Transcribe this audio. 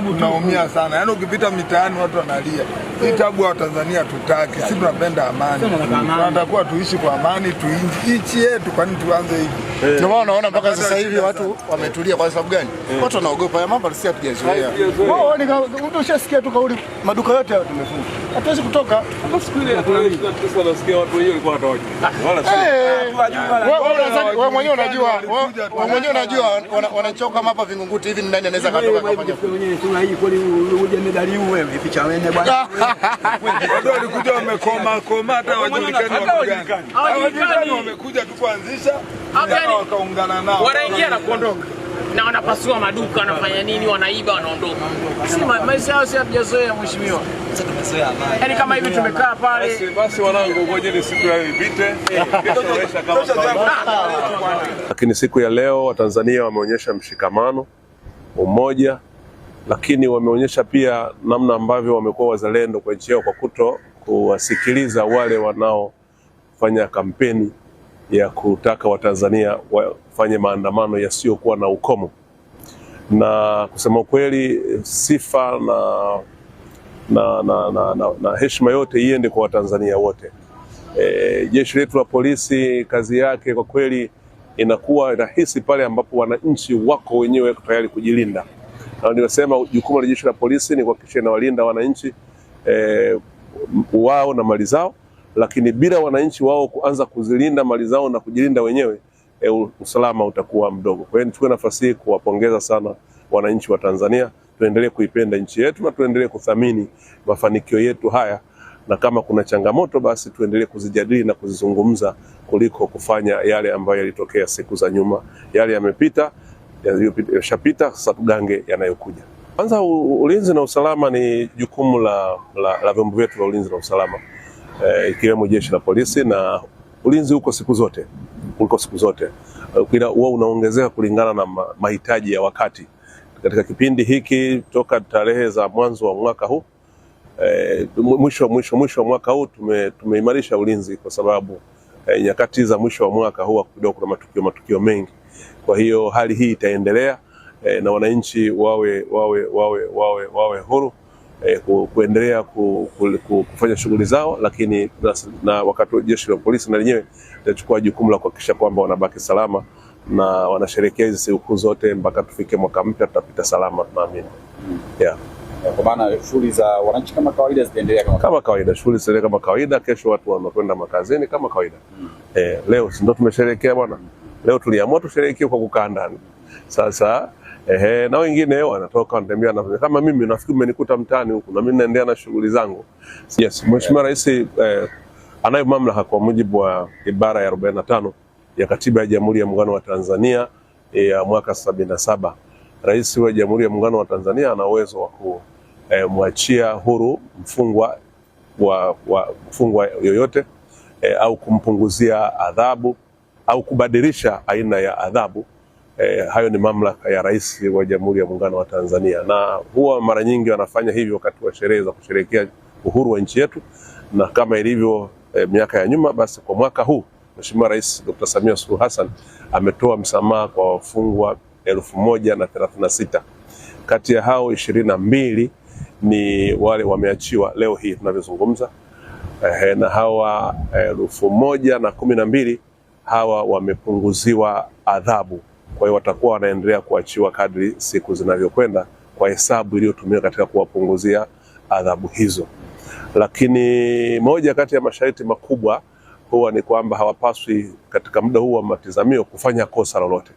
naumia sana, yaani ukipita mitaani watu wanalia. Si tabu wa Tanzania tutaki sisi tunapenda amani, tunatakuwa tuishi kwa amani, tuinchi yetu. Kwa nini tuanze hivi? Eh. Ndio maana unaona mpaka sasa hivi watu wametulia. Kwa sababu gani? Eh. Watu wanaogopa ya mambo, sisi hatujazoea. Mtu ushasikia tu kauli, maduka yote hayo tumefunga, hatuwezi kutoka. Siku ile tunasikia watu wenyewe walikuwa hawatawajua wala eh wewe mwenyewe unajua wewe mwenyewe unajua wanachoka mapa Vingunguti hivi, nani anaweza katoka kafanya mwenyewe? Kuna hii kweli, uje medali hii wewe, ficha wene bwana, ndio walikuja wamekoma koma, hata wajulikani wamekuja tu kuanzisha hata wakaungana nao, wanaingia na kuondoka na wanapasua maduka, wanafanya nini, wanaiba, wanaondoka. Si Maisha yao si hatujazoea mheshimiwa. Yaani kama hivi tumekaa pale. Basi wanangu, ngojeni siku ya ipite. Lakini siku ya leo Watanzania wameonyesha mshikamano, umoja, lakini wameonyesha pia namna ambavyo wamekuwa wazalendo kwa nchi yao kwa kuto kuwasikiliza wale wanaofanya kampeni ya kutaka Watanzania wafanye maandamano yasiyokuwa na ukomo, na kusema ukweli, sifa na, na, na, na, na, na heshima yote iende kwa Watanzania wote. E, jeshi letu la polisi kazi yake kwa kweli inakuwa rahisi pale ambapo wananchi wako wenyewe tayari kujilinda, na nimesema jukumu la jeshi la polisi ni kuhakikisha inawalinda wananchi e, wao na mali zao lakini bila wananchi wao kuanza kuzilinda mali zao na kujilinda wenyewe e, usalama utakuwa mdogo. Kwa hiyo nichukue nafasi hii kuwapongeza sana wananchi wa Tanzania. Tuendelee kuipenda nchi yetu na tuendelee kuthamini mafanikio yetu haya, na kama kuna changamoto basi tuendelee kuzijadili na kuzizungumza kuliko kufanya yale ambayo yalitokea siku za nyuma. Yale yamepita, yashapita, sasa tugange yanayokuja. Kwanza, ulinzi na usalama ni jukumu la, la, la vyombo vyetu vya ulinzi na usalama. Eh, ikiwemo jeshi la polisi na ulinzi huko siku zote, uko siku zote eh, ila uh, unaongezeka kulingana na mahitaji ya wakati. Katika kipindi hiki toka tarehe za mwanzo wa mwaka huu eh, mwisho mwisho mwisho wa mwaka huu tume, tumeimarisha ulinzi kwa sababu eh, nyakati za mwisho wa mwaka huu kidogo kuna matukio matukio mengi. Kwa hiyo hali hii itaendelea eh, na wananchi wawe wawe wawe wawe wawe huru eh, kuendelea ku, ku, ku, kufanya shughuli zao, lakini na, na wakati jeshi la polisi na lenyewe litachukua jukumu la kuhakikisha kwamba wanabaki salama na wanasherehekea hizi sikukuu zote mpaka tufike mwaka mpya, tutapita salama tunaamini. hmm. yeah. Kwa maana shughuli za wananchi kama kawaida zitaendelea kama, kama kawaida, shughuli zitaendelea kama kawaida. Kesho watu wanakwenda makazini kama kawaida. hmm. Eh, leo ndio tumesherehekea bwana. Hmm. Leo tuliamua tusherehekee kwa kukaa ndani sasa Ehe, na wengine wanatoka wanatembea na kama mimi nafikiri umenikuta mtaani huku na mimi naendelea na shughuli zangu. Yes, Mheshimiwa Rais eh, anayo mamlaka kwa mujibu wa ibara ya 45 ya Katiba ya Jamhuri ya Muungano wa Tanzania eh, ya mwaka 77. Rais wa Jamhuri ya Muungano wa Tanzania ana uwezo wa kumwachia eh, huru mfungwa wa, wa mfungwa yoyote eh, au kumpunguzia adhabu au kubadilisha aina ya adhabu E, hayo ni mamlaka ya Rais wa Jamhuri ya Muungano wa Tanzania, na huwa mara nyingi wanafanya hivyo wakati wa sherehe za kusherehekea uhuru wa nchi yetu, na kama ilivyo e, miaka ya nyuma, basi kwa mwaka huu Mheshimiwa Rais Dr. Samia Suluhu Hassan ametoa msamaha kwa wafungwa elfu moja na thelathini na sita kati ya hao ishirini na mbili ni wale wameachiwa leo hii tunavyozungumza, e, na hawa elfu moja na kumi na mbili hawa wamepunguziwa adhabu. Kwa hiyo watakuwa wanaendelea kuachiwa kadri siku zinavyokwenda kwa hesabu iliyotumika katika kuwapunguzia adhabu hizo. Lakini moja kati ya masharti makubwa huwa ni kwamba hawapaswi katika muda huu wa matizamio kufanya kosa lolote.